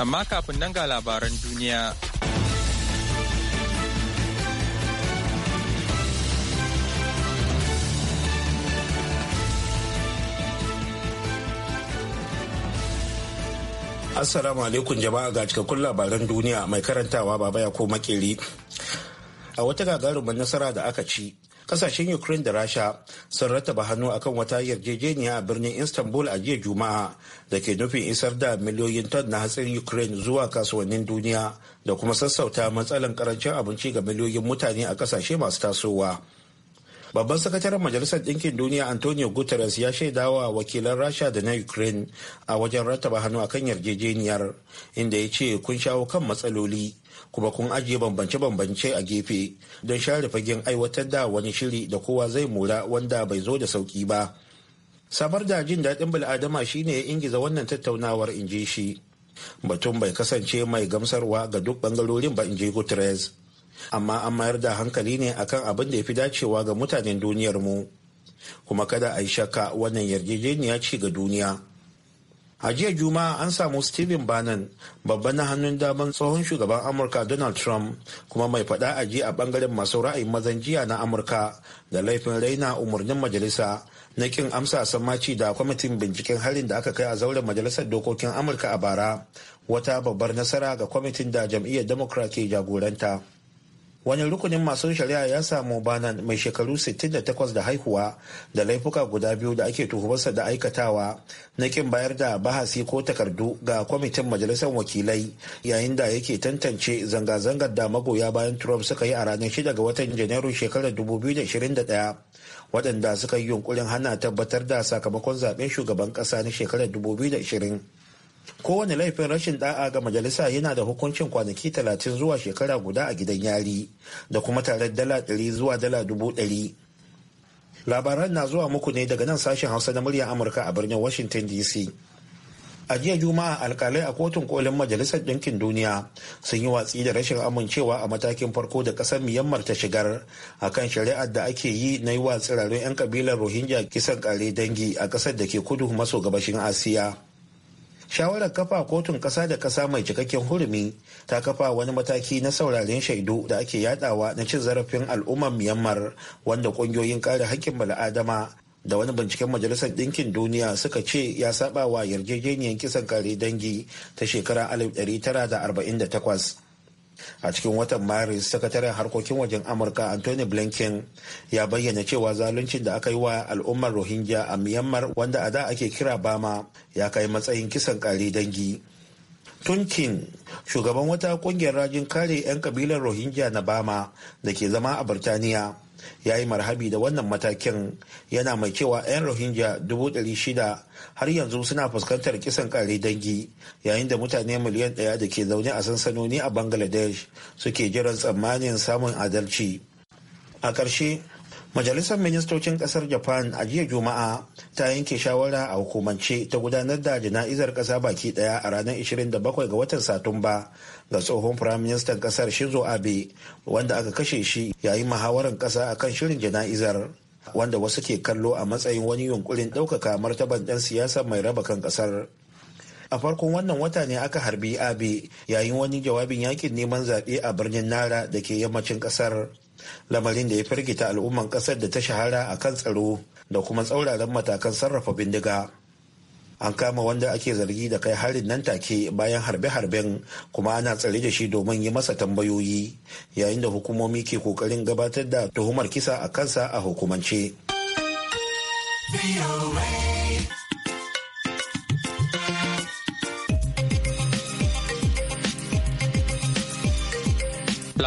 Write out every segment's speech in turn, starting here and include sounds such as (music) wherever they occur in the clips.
amma kafin nan ga labaran duniya. Assalamu alaikum jama'a ga cikakkun labaran duniya mai karantawa baba ya ko makeri. A wata gagarumin nasara da aka ci, kasashen ukraine da rasha sun rattaba hannu akan wata yarjejeniya a birnin istanbul a jiya juma'a da ke nufin isar da miliyoyin ton na hatsin ukraine zuwa kasuwannin duniya da kuma sassauta matsalan karancin abinci ga miliyoyin mutane a kasashe masu tasowa babban sakataren majalisar ɗinkin duniya antonio guterres ya shaidawa wakilan rasha da na ukraine a wajen rattaba hannu akan yarjejeniyar inda ya ce kun shawo kan matsaloli kuma kun ajiye bambance-bambance a gefe don share fagen aiwatar da wani shiri da kowa zai mura wanda bai zo da sauki ba samar da jin daɗin bil'adama shine ya ingiza wannan tattaunawar inji shi batun bai kasance mai gamsarwa ga duk bangarorin ba inji guterres amma an mayar da hankali ne akan abin da ya fi dacewa ga mutanen duniyarmu. kuma kada a yi shakka wannan yarjejeniya ce ga duniya a jiya juma'a an samu stephen bannon babban na hannun daman tsohon shugaban amurka donald trump kuma mai faɗa a ji a bangaren masu ra'ayin mazan jiya na amurka da laifin raina umarnin majalisa na kin amsa sammaci da kwamitin binciken harin da aka kai a zauren majalisar dokokin amurka a bara wata babbar nasara ga kwamitin da jam'iyyar democrat ke jagoranta wani rukunin masu shari'a ya samu banan mai shekaru 68 da haihuwa da laifuka guda biyu da ake tuhumarsa da aikatawa na kin bayar da bahasi ko takardu ga kwamitin majalisar wakilai yayin da yake tantance zanga-zangar da magoya bayan trump suka yi a ranar 6 ga watan janairun shekarar 2021 waɗanda suka yi yunkurin hana tabbatar da sakamakon zaben shugaban ƙasa na shekarar 2020 kowane laifin rashin da'a ga majalisa yana da hukuncin kwanaki talatin zuwa shekara guda a gidan yari da kuma tare dala ɗari zuwa dala dubu ɗari labaran na zuwa muku ne daga nan sashen hausa na muryar amurka a birnin washington dc a jiya juma'a alkalai a kotun kolin majalisar ɗinkin duniya sun yi watsi da rashin amincewa a matakin farko da ƙasar myanmar ta shigar a kan shari'ar da ake yi na yi wa tsirarun 'yan kabilar rohingya kisan kare dangi a ƙasar da ke kudu maso gabashin asiya shawarar kafa kotun kasa da kasa mai cikakken hurumi ta kafa wani mataki na sauraren shaidu da ake yadawa na cin zarafin al'ummar myanmar wanda kungiyoyin kare haƙƙin bala'adama da wani binciken majalisar ɗinkin duniya suka ce ya saba wa yarjejeniyar kisan kare dangi ta shekara 1948 a cikin watan maris sakataren harkokin wajen amurka anthony blinken ya bayyana cewa zaluncin da aka yi wa al'ummar rohingya a myanmar wanda a da ake kira bama ya kai matsayin kisan kare dangi tunkin shugaban wata kungiyar rajin kare 'yan kabilar rohingya na bama da ke zama a birtaniya ya yi marhabi da wannan matakin yana mai cewa 'yan rohingya 600 har yanzu suna fuskantar kisan kare dangi yayin da mutane miliyan ɗaya da ke zaune a sansanoni a bangladesh suke jiran tsammanin samun adalci a ƙarshe Majalisar Ministocin Kasar Japan a jiya Juma'a ta yanke shawara a hukumance ta gudanar da jana'izar ƙasa baki ɗaya a ranar 27 ga watan Satumba ga tsohon Firaministan ƙasar Shinzo Abe wanda aka kashe shi yayin muhawarar ƙasa akan shirin jana'izar wanda wasu ke kallo a matsayin wani yunkurin ɗaukaka martaban ɗan siyasa mai raba kan ƙasar. a farkon wannan wata ne aka harbi abe yayin wani jawabin yakin neman zaɓe a birnin nara da ke yammacin ƙasar lamarin da ya firgita al'umman kasar da ta shahara a kan tsaro da kuma tsauraran matakan sarrafa bindiga an kama wanda ake zargi da kai harin nan take bayan harbe-harben kuma ana tsare da shi domin yi masa tambayoyi yayin da hukumomi ke kokarin gabatar da tuhumar kisa a kansa a hukumance.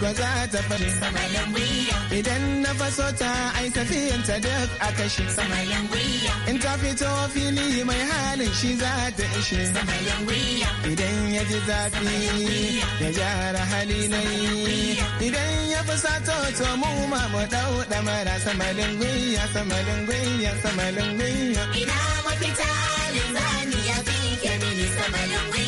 ko za ta bari idan na faso ta ai tafiyan ta duk a kashe in ta fito fili mai halin shi za ta ishe idan ya ji zafi ya jara hali na yi idan ya fi sato to mu ma mu dau damara samalin gwiya samalin gwiya samalin gwiya ina mafita linzani ya fi kemini samalin gwiya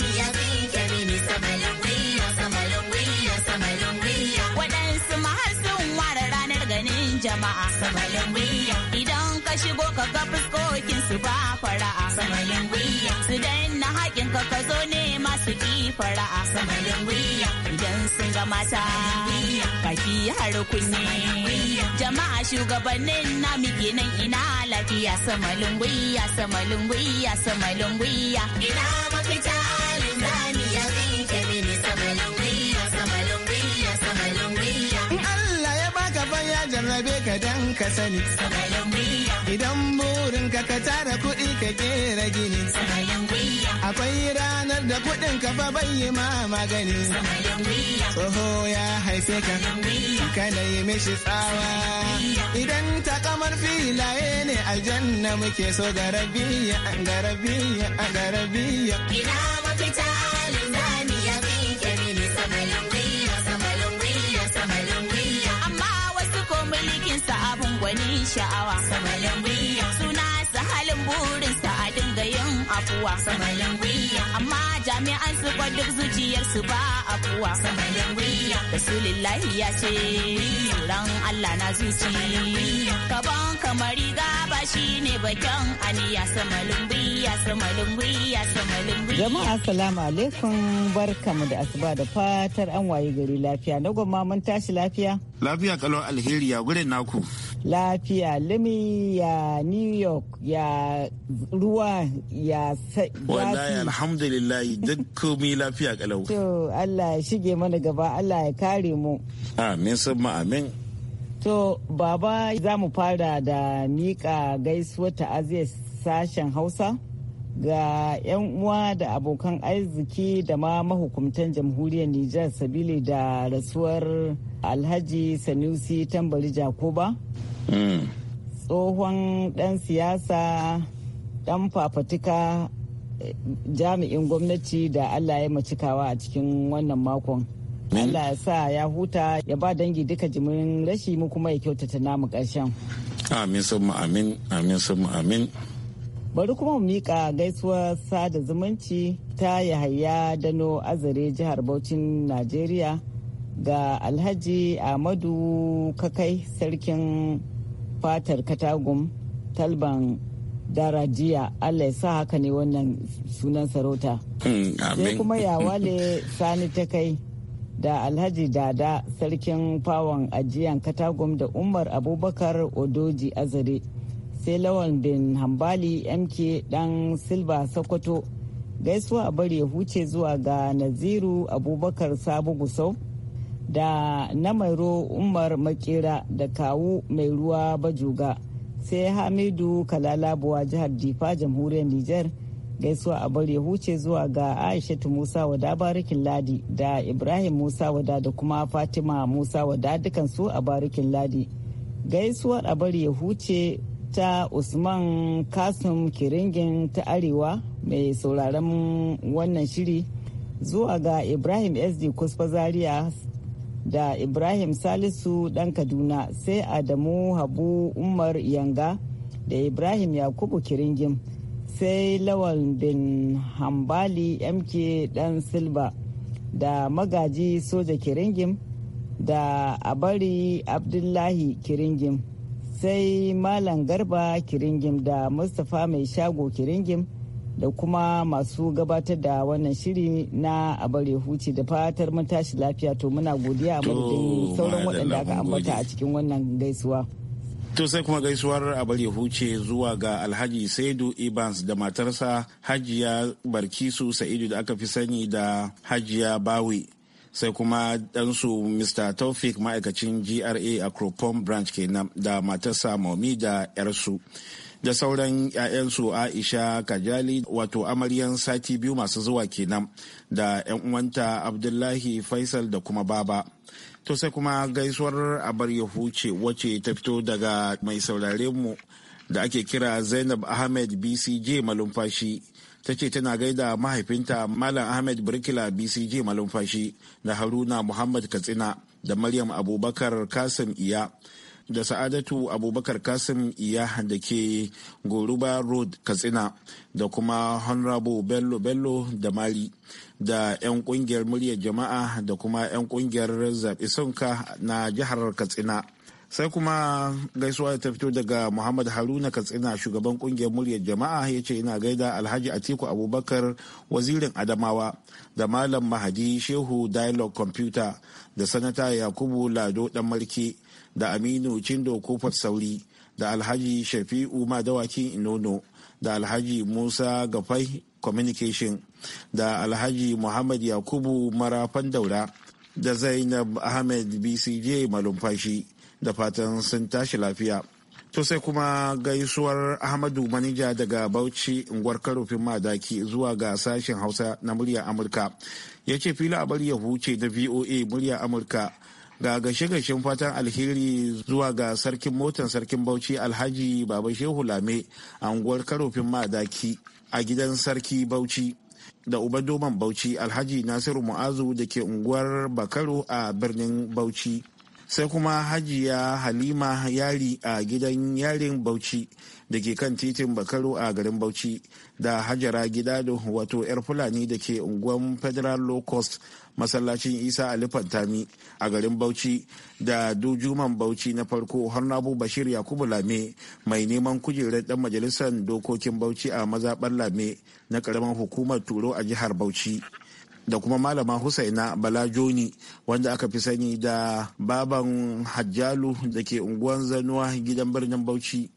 jama'a samalin wiya idan ka shigo ka ga fuskokin su ba fara'a samalin wiya su danna haƙin ka ka zo ne masu ki fara'a samalin wiya idan sun ga mata ki har kunne jama'a shugabannin na muke nan ina lafiya samalin wiya samalin wiya samalin wiya ina mafita be ka dan ka sani idan burin ka ka tara kuɗi ka kera gini akwai ranar da kuɗin ka fa bai ma magani oho ya haife ka kana yi mishi tsawa idan ta kamar filaye ne aljanna muke so garabiya garabiya garabiya ina mafita sa abun gwani sha'awa. Samayin wiya. Suna sa halin burinsa a dinga yin afuwa. Samayin wiya. Amma jami'an su duk zuciyar su ba afuwa rasulullahi ya ce ran Allah na zuci kaban kamari ba shi ne bakin aniya sama lumbiya sama lumbiya sama lumbiya jama'a assalamu alaikum barkamu da asuba da fatar an waye gari lafiya na gwamma mun tashi lafiya lafiya kalon alheri ya gurin naku lafiya limi ya new york ya ruwa ya zafi wallahi alhamdulillah duk komi lafiya kalau to Allah ya shige mana gaba Allah ya kare mu amin ma amin to baba za mu fara da mika gaisuwar ta'aziyar sashen Hausa ga 'yan uwa da abokan arziki da ma mahukumtan jamhuriyar Nijar sabili da rasuwar Alhaji Sanusi Tambari Jakuba. Mm. Tsohon ɗan siyasa ɗan fafatika. jami'in gwamnati da allah ya kawa a cikin wannan makon allah ya sa ya huta ya ba dangi duka jimin rashi mu kuma ya kyautata namu ƙarshen amin sun amin amin sun amin bari kuma mu mika gaisuwar sada zumunci ta yahaya dano azare jihar Bauchin Najeriya ga Alhaji Ahmadu Kakai sarkin fatar Katagum Talban darajiya allah ya sa haka ne wannan sunan sarauta hmm, sai kuma yawale (laughs) sani ta kai da alhaji dada sarkin fawon ajiyan katagum da umar abubakar odoji azare sai lawan bin hambali mk dan silva sokoto gaisuwa a bari ya huce zuwa ga naziru abubakar sabu gusau da mairo umar makera da kawu mai ruwa bajuga sai hamidu kalalabuwa jihar difa jamhuriyar niger gaisuwa a bari huce zuwa ga aishatu musa wada barikin ladi da ibrahim musa wada da kuma fatima musa wada dukansu a barikin ladi gaisuwar a bari huce ta usman kasim kiringin ta arewa mai sauraron wannan shiri zuwa ga ibrahim sd kusfa zaria da ibrahim salisu dan kaduna sai adamu habu umar yanga da ibrahim yakubu kiringim sai lawal bin hambali mk dan silba da magaji soja kiringim da abari abdullahi kiringim sai malam garba kiringim da mustapha mai shago kiringim da kuma masu gabatar da wannan shiri na a bare huci da fatar mun tashi lafiya to muna godiya a sauran waɗanda aka ambata a cikin wannan gaisuwa. To sai kuma gaisuwar a bari huce zuwa ga Alhaji Saidu Ibans da matarsa Hajiya Barkisu Sa'idu da aka fi sani da Hajiya Bawi sai kuma ɗansu mr taufik ma'aikacin gra a cropon branch kenan da matarsa maumi da 'yarsu da sauran 'ya'yansu aisha kajali wato amaryan sati biyu masu zuwa kenan da 'yan uwanta abdullahi faisal da kuma baba to sai kuma gaisuwar abar ya huce wacce ta fito daga mai saurare mu da ake kira zainab ahmed bcj malumfashi ta ce tana gaida mahaifinta malam ahmed burkila bcg malumfashi da haruna muhammad katsina da maryam abubakar kasim iya da sa'adatu abubakar kasim iya da ke goruba road katsina da kuma honorable bello bello da mali da 'yan kungiyar muryar jama'a da kuma 'yan kungiyar zaɓi sonka na jihar katsina sai kuma gaisuwa ta fito daga muhammad haruna katsina shugaban kungiyar muryar jama'a ya ce ina gaida alhaji atiku abubakar wazirin adamawa da malam mahadi shehu dialogue computer da sanata yakubu lado dan marki da aminu cindo kofar sauri da alhaji shafi'u madawakin inono da alhaji musa gafai communication da alhaji muhammad yakubu marafan daura da zainab ahmed bcj malumfashi da fatan sun tashi lafiya to sai kuma gaisuwar ahmadu manija daga bauchi unguwar karofin madaki zuwa ga sashen hausa na murya amurka ya ce fila a bari ya huce da voa murya amurka ga gashe-gashen fatan alheri zuwa ga sarkin motan sarkin bauchi alhaji baba shehu lame a unguwar karofin madaki a gidan sarki bauchi da uba doman bauchi alhaji nasiru mu'azu da ke unguwar bakaro a birnin bauchi sai kuma hajiya halima yari a gidan yarin bauchi da ke kan titin bakaro a garin bauchi da hajara da wato yar fulani da ke unguwan federal low cost masallacin isa ali fantami a garin bauchi da dujuman bauchi na farko harnabu bashir yakubu lame mai neman kujerar dan majalisar dokokin bauchi a mazaɓar lame na ƙaramin hukumar turo a jihar bauchi da kuma malama husaina balajoni wanda aka fi sani da baban hajjalu da ke unguwan zanuwa gidan birnin bauchi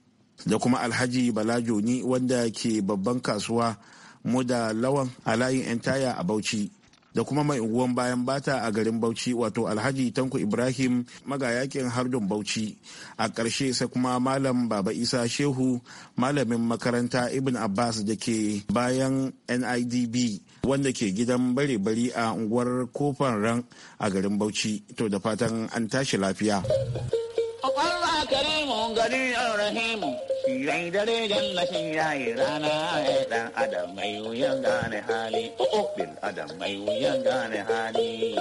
da kuma alhaji balajoni wanda ke babban kasuwa mu da lawan a layin 'yan taya a bauchi da kuma mai unguwan bayan bata a garin Bauchi wato Alhaji Tanko Ibrahim magayakin Hardun Bauchi. A ƙarshe sai kuma Malam Baba Isa Shehu malamin makaranta Ibn Abbas da ke bayan NIDB wanda ke gidan bare-bari a unguwar kofar ran a garin Bauchi. To da fatan an tashi lafiya. Allah karimu gari rahimu Shirai dare janna shi rai rana ya eh, dan adam mai wuyan gane hali o oh, oh, bil adam mai wuyan gane hali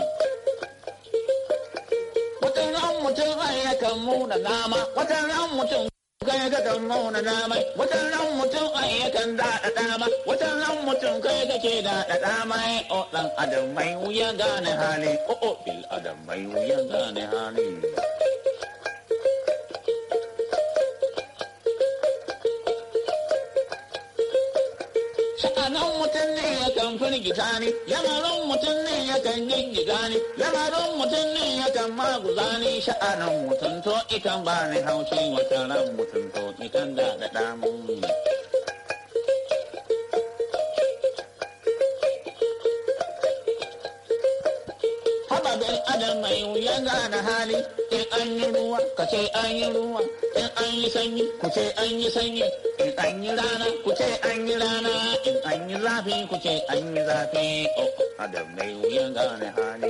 wata ran mutum ai yakan muna nama wata ran mutum kai ga kan mauna nama wata ran mutum ai kan daɗa dama wata ran mutum kai ga ke daɗa dama eh, o oh, dan adam mai wuyan gane hali o bil adam mai wuyan gane hali ne yakan firgita ne lamarin mutum ne yakan gingita ne lamarin mutum ne kan maguza ne sha'anin mutum to ikan ba ni haushi wata ran mutum to ikan da da damun mai wuya gane hali in an yi ruwa ka ce an yi ruwa in an yi sanyi ku ce an yi sanyi in an yi rana ku ce an yi rana in an yi zafi ku ce an yi zafi oh, oh adam mai wuya gane hali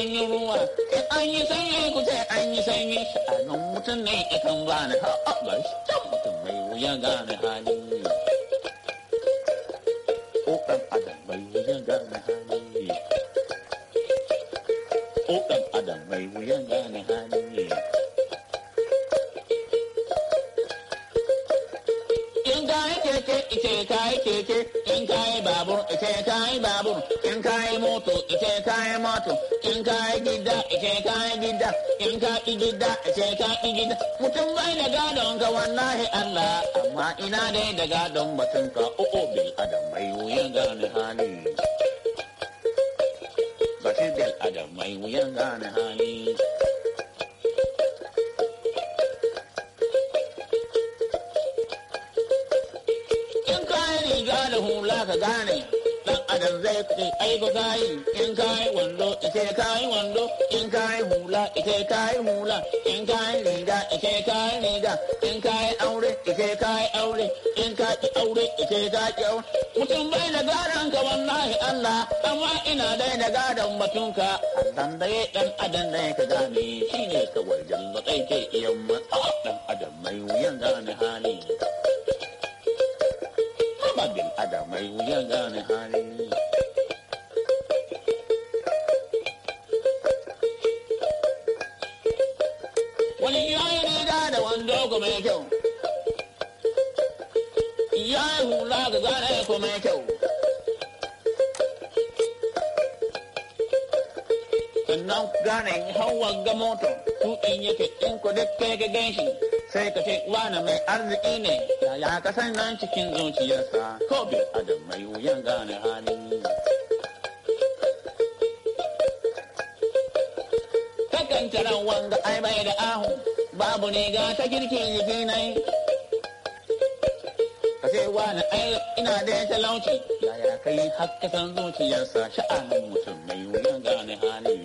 an yi ruwa in an yi sanyi ku ce an yi sanyi sha'anin mutum ne ikan ba na ha'a ga shi can mutum mai wuya gane halin yi ko ɗan adam mai wuya gane halin yi ko ɗan adam mai wuya gane halin keke ice kayi keke in kayi babur ice kayi babur in kayi moto ice kayi moto in kayi gida ice kayi gida in kayi gida ice kayi gida mutum bai da gadon ka wallahi Allah amma ina dai da gadon batun ka o'o oh, oh, bil adam mai wuyan gane hali batun bil adam mai wuyan gane hali ka gane dan adam zai ce ai ba in kai wando ite kai wando in kai hula ite kai hula in kai riga ite kai riga in kai aure ite kai aure in kai aure ite kai aure mutum bai da garan ka wallahi Allah amma ina dai da gadon batun ka dan dai dan adam da ka gane shine kawai jan ba kai ke iyan ma ah, dan adam mai wuyan gane hali gane wani ya yi da wando ku mai kyau ya yi hula ga gane ku mai kyau sannan gane hawa ga moto in yake in ku duk ga ganshi sai ka ce wani mai arziki ne ya kasan nan cikin zuciyarsa ko bil adam mai wuyan gane hali. Takan taron wanga ai bai da ahu babu ne ga ta girkin jiki nai. Ka wani ai ina da ya talauci yaya kai hakka san zuciyarsa sha'anin mutum mai wuyan gane hali.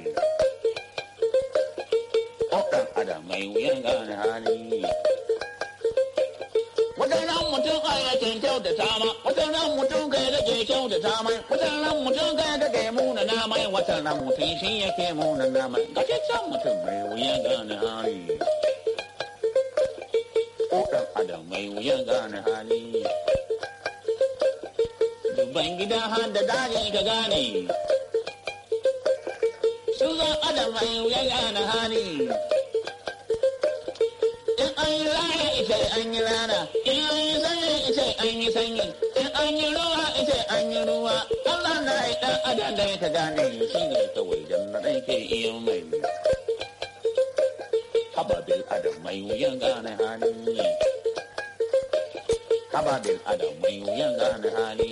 ɗan adam mai wuyan gane hali. da tama watan ran mutum ga da ke kyautata mai watan ran mutum ga da ga muna na mai watan ran mutum shi yake muna na mai gacaccen mutum mai wuya gane hali ko dan adam mai wuya gane hali dubban gida har da dani ka gane su zan adam mai wuya gane hali an yi rana ita an yi rana in an yi sanyi ita an yi sanyi in an yi ruwa ita an yi ruwa Allah na yi dan adam da ya ka gane shi ne kawai jannatin ke iya mai haba adam mai wuyan gane halin haba bil adam mai wuyan gane hali?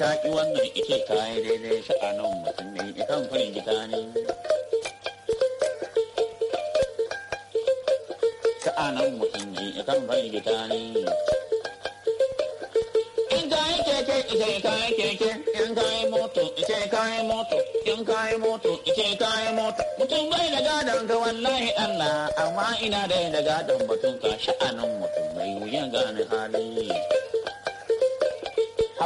ta ki wannan ike ta yi daidai sha'anin mutum ne ikan kun gita ne sha'anin mutum ne ikan kun gita ne in ka yi keke ike ka yi keke in ka yi moto ike ka yi moto in ka yi moto ike ka yi moto mutum bai da gadon ga wallahi Allah amma ina da da gadon mutum ka sha'anin mutum mai wuyan gane hali.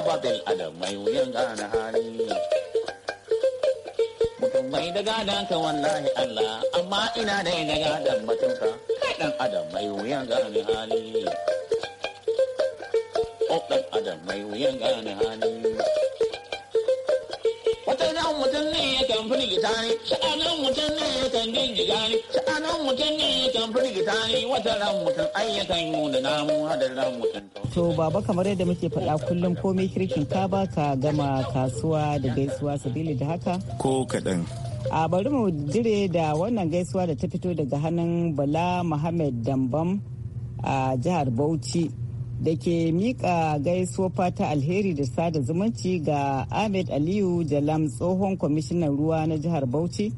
babel bil mai wuyan gane hali mutum mai da gadon ka wallahi Allah amma ina da da gadon mutunka kai dan adam mai wuyan gane hali Oh, dan adam mai wuyan gane hali sha'anan mutum ne ya yakan firgita ne sha'anan mutum ne ya yakan dingiga ne sha'anan mutum ne ya yakan firgita ne wata ran mutum ai yakan yi da namu hadar ran mutum to baba kamar yadda muke faɗa kullum komai kirkin ka ba ka gama kasuwa da gaisuwa sabili da haka ko kaɗan a bari mu dire da wannan gaisuwa da ta fito daga hannun bala muhammad dambam a jihar bauchi da ke mika gaisuwa fata alheri da sada zumunci ga ahmed aliyu jalam tsohon kwamishinan ruwa na jihar bauchi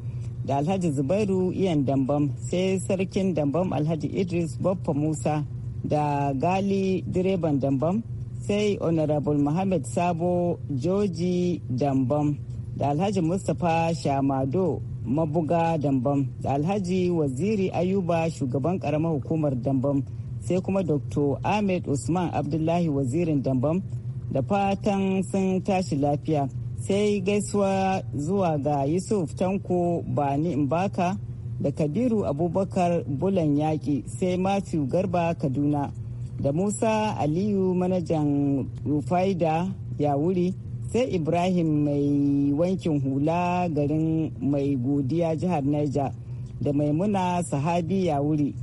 da alhaji zubairu iyan dambam sai sarkin dambam alhaji idris baffa musa da gali direban dambam sai honorable Mohammed sabo joji dambam da alhaji mustapha shamado mabuga dambam da alhaji waziri ayuba shugaban karamar hukumar dambam sai kuma dr ahmed usman abdullahi wazirin dambam da fatan sun tashi lafiya sai gaisuwa zuwa ga yusuf tanko bani mbaka da kabiru abubakar bulan yaƙi sai matthew garba kaduna da musa aliyu manajan rufaida yawuri sai ibrahim mai wankin hula garin mai godiya jihar niger da maimuna sahabi yawuri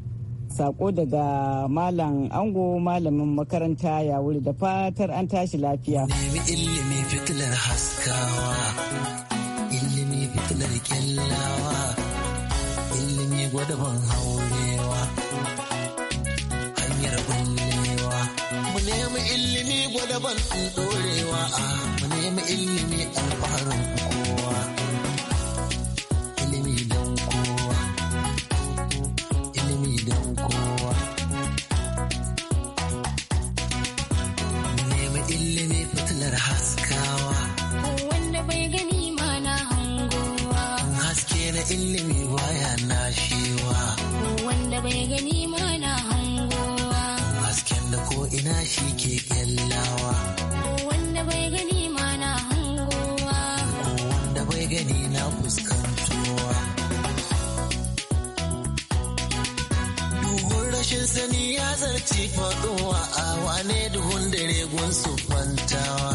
sako daga malam ango malamin makaranta ya wuri da fatar an tashi lafiya nemi ilimi fitilar haskawa ilimi fitilar kyallawa ilimi gwada ban haurewa hanyar bullewa mu nemi ilimi gwada ban dorewa ah, mu nemi ilimi alfaharin kowa ji faɗowa a wane duhun dare gunsu fantawa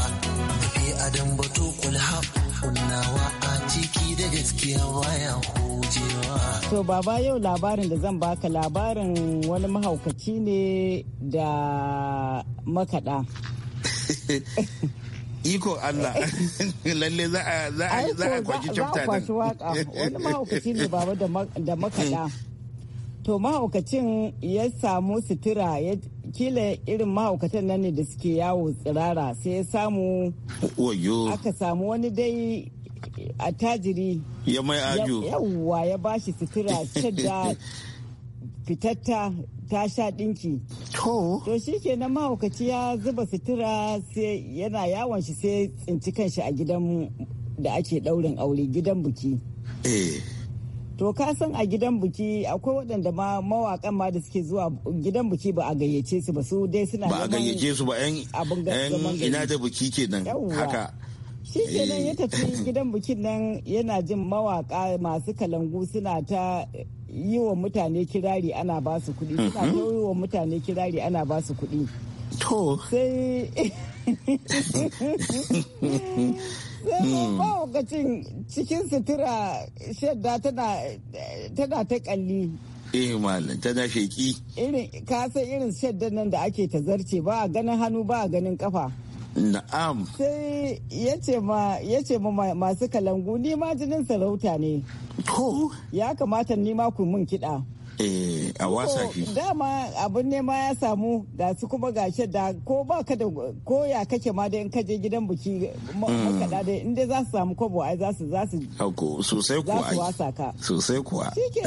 Baɗi adam batu kulhaf kunnawa a ciki da gaskiya baya hujewa. To baba yau labarin da zan baka labarin wani mahaukaci ne da makaɗa. (laughs) iko Allah (laughs) lalle za a kwashi chapter wani mahaukaci ne baba da makaɗa. (laughs) to mahaukacin ya samu sutura ya kila irin mahaukatan nan ne da suke yawo tsirara sai ya samu aka samu wani dai a tajiri. ya mai ajo yawwa ya bashi sutura da (laughs) fitatta ta sha dinki to shi ke na mahaukaci ya zuba sutura sai yana yawon shi sai tsinci kanshi a gidan da ake daurin aure gidan buki eh. to ka san a gidan buki akwai waɗanda ma mawaƙan ma da suke zuwa gidan buki ba a gayyace su ba su dai suna ba a gayyace su ba yan ina da buki kenan haka shi kenan ya eh. tafi (laughs) gidan bikin nan yana jin mawaƙa masu kalangu suna ta yi wa mutane kirari ana ba su kuɗi mm-hmm. suna ta yi wa mutane kirari ana ba su kuɗi to sai (laughs) (laughs) ba eh, hmm. cikin sutura shadda tana ta kalli eh malam tana sheki irin ka san irin shadda nan da ake ta zarce ba a ganin hannu ba a ganin kafa na'am sai ya ce ma masu kalangu ni ma jinin sarauta ne ya kamata ni ma ku mun kiɗa Eh, a wasa shi dama abin ne ma ya samu ga su kuma ga da ko ba ka da ko ya kake ma da in kaje gidan buki mm. makaɗa da inda za su samu kobo ai za su za su sosai kuwa za su wasa ka sosai kuwa shi ke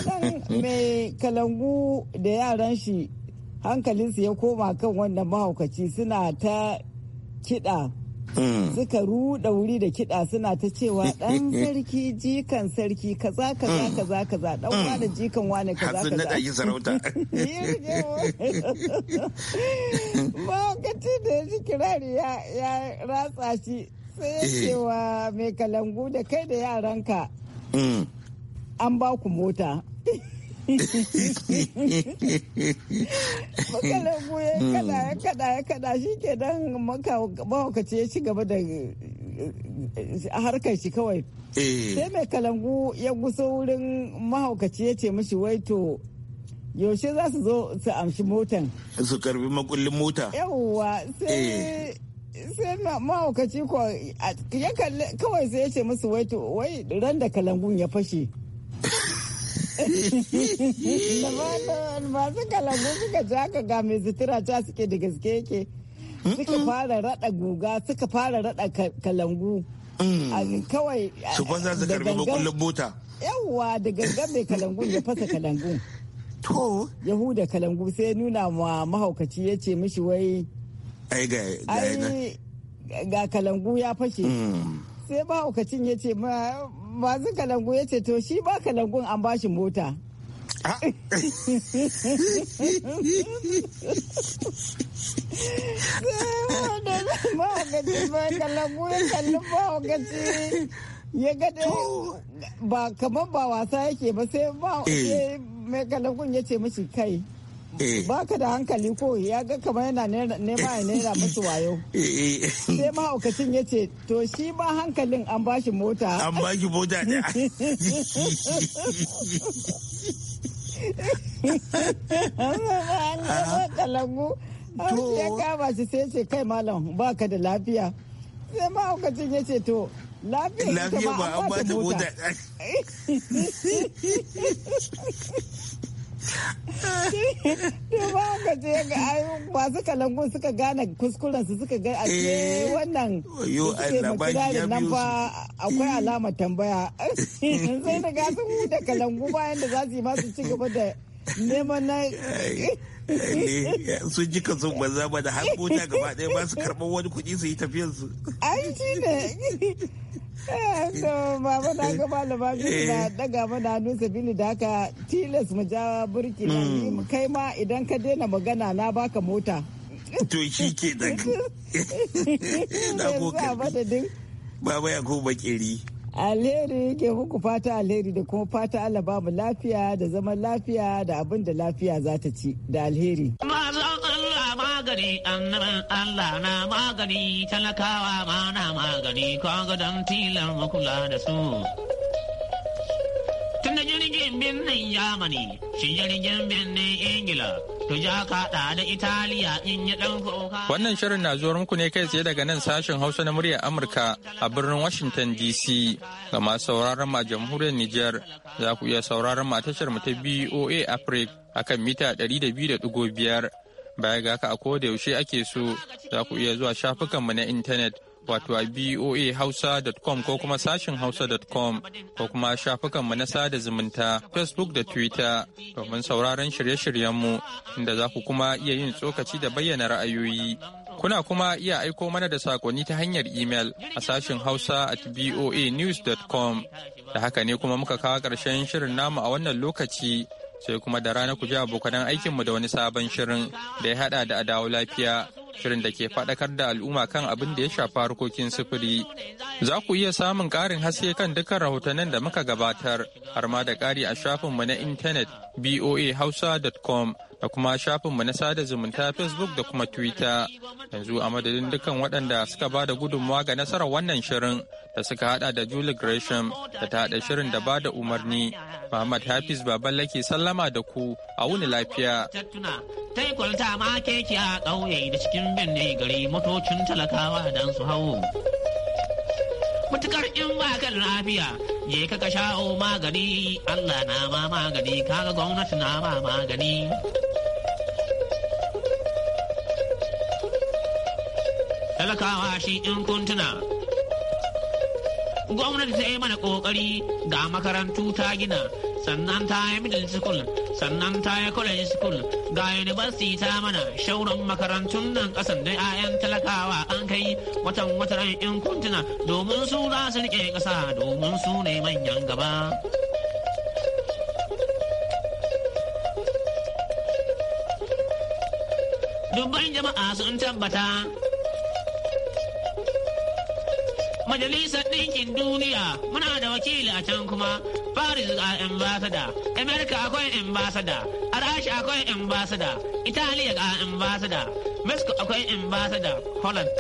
(laughs) mai kalangu da yaran shi hankalinsu ya koma kan wannan mahaukaci suna ta kiɗa Mm. suka ruɗa wuri da kiɗa suna ta cewa (laughs) ɗan sarki jikan sarki kaza kaza mm. kaza kaza ɗan mm. wane jikan wani kaza kaza. Hatsun na sarauta. (laughs) (laughs) Ma'aikaci da ya ji kirari ya ratsa shi sai ya cewa eh. mai kalangu da kai da yaranka. An ba ku mota. (laughs) makalabu ya kada ya kada ya kada shi ke dan mahaukaci ya ci gaba da eh, harkar shi kawai eh. sai mai kalangu ya guso wurin mahaukaci ya ce mashi wai to yaushe za su zo su amshi motan su karbi makullin mota yawwa sai eh. sai mahaukaci ko ya kawai sai ya ce musu wai ran da kalangun ya fashe masu kalangu suka ji aka ga mai sutura ta suke da gaske yake suka fara rada guga suka fara rada kalangu mm. kawai su fasa su karbi bakullin bota yawwa da gangan mai kalangun ya fasa kalangun to yahuda kalangu sai nuna ma mahaukaci ya ce mishi wai ai ga kalangu ya fashe mm. sai mahaukacin ya ce ma masu kalangu ya ce to shi ba kalangun an bashi mota ya ba kamar ba wasa yake ba sai ba eh. eh, mai kalangun ya ce mashi kai Eh. Ba ka da hankali ko ya ga kamar yana nema ya nera musu wayo (laughs) eh, eh. sai ma okacin ya ce to shi ma hankalin an bashi mota an bashi mota ne kalangu ya kama shi sai ce kai malam ka da lafiya sai ma okacin ya ce to lafiya ba an bata mota (laughs) (laughs) ba ka je ga masu kalangu suka gane kuskuren su suka ga a eh. wannan kirarin nan ba akwai eh. alama tambaya (laughs) sai da ga sun huta kalangu bayan da za su yi masu ci gaba da neman na sun ji kan sun banza ba da har gaba ɗaya ba su karɓar wani kuɗi su yi tafiyarsu. Ai shi ne Eh, so baba na ga malama eh. na daga mana hannun sabili da haka tilas mu ja burki na hmm. kai ma idan ka daina magana na baka mota to shi ke da (laughs) na baba ya ko bakiri alheri ke muku fata alheri da kuma fata Allah ba lafiya da zaman lafiya da abin da lafiya za ta ci da alheri. magani annaban Allah na magani talakawa ma na magani kaga dan tilar makula da su. Tun da jirgin birnin Yamani, shi jirgin birnin Ingila, to ja kaɗa da Italiya in yi ɗan Wannan shirin na zuwar muku ne kai tsaye daga nan sashen Hausa na muryar Amurka a birnin Washington DC. Ga masu sauraron ma jamhuriyar Nijar, za ku iya sauraron ma tashar mu ta BOA Africa akan mita 200.5 Baya ga haka a koda yaushe ake so za ku iya zuwa shafukanmu na intanet wato a boahausa.com ko kuma sashin hausa.com ko kuma shafukanmu na sada zumunta facebook da twitter domin sauraron shirye-shiryenmu inda za ku kuma iya yin tsokaci da bayyana ra'ayoyi. Kuna kuma iya aiko mana da sakonni ta hanyar imel a sashin hausa at boanews.com. Da haka ne kuma muka kawo ƙarshen shirin namu a wannan lokaci. sai kuma da rana ku ji abokanan aikinmu da wani sabon shirin da ya hada da adawo lafiya shirin da ke faɗakar da al'umma kan abin da ya shafi harkokin sufuri. Za ku iya samun ƙarin haske kan dukkan rahotannin da muka gabatar har ma da ƙari a shafinmu na intanet boahausa.com da kuma shafin mu na sada zumunta facebook da kuma twitter yanzu a madadin dukkan waɗanda suka ba da gudunmawa ga nasarar wannan shirin da suka hada da julie gresham da ta hada shirin da ba da umarni muhammad hafiz baballe ke sallama da ku a wuni lafiya ta yi kwalta ma keke a ƙauye da cikin binne gari motocin talakawa don su hau mutukar in ba kan lafiya je ka ka sha'o magani Allah na ma magani kaga gwamnati na ma magani talakawa shi in kuntuna gwamnati ta yi mana ƙoƙari ga makarantu ta gina sannan ta yi middle school sannan ta yi college school ga university ta mana shauran makarantun nan kasan da 'ya'yan talakawa an kai watan watan in kuntuna domin su za su rike kasa domin su ne manyan gaba dubban jama'a sun tabbata majalisar ɗinkin duniya muna da wakili a can kuma paris a ambassador america akwai ambassador a rasha akwai ambassador italiya a ambassador mexico akwai ambassador holland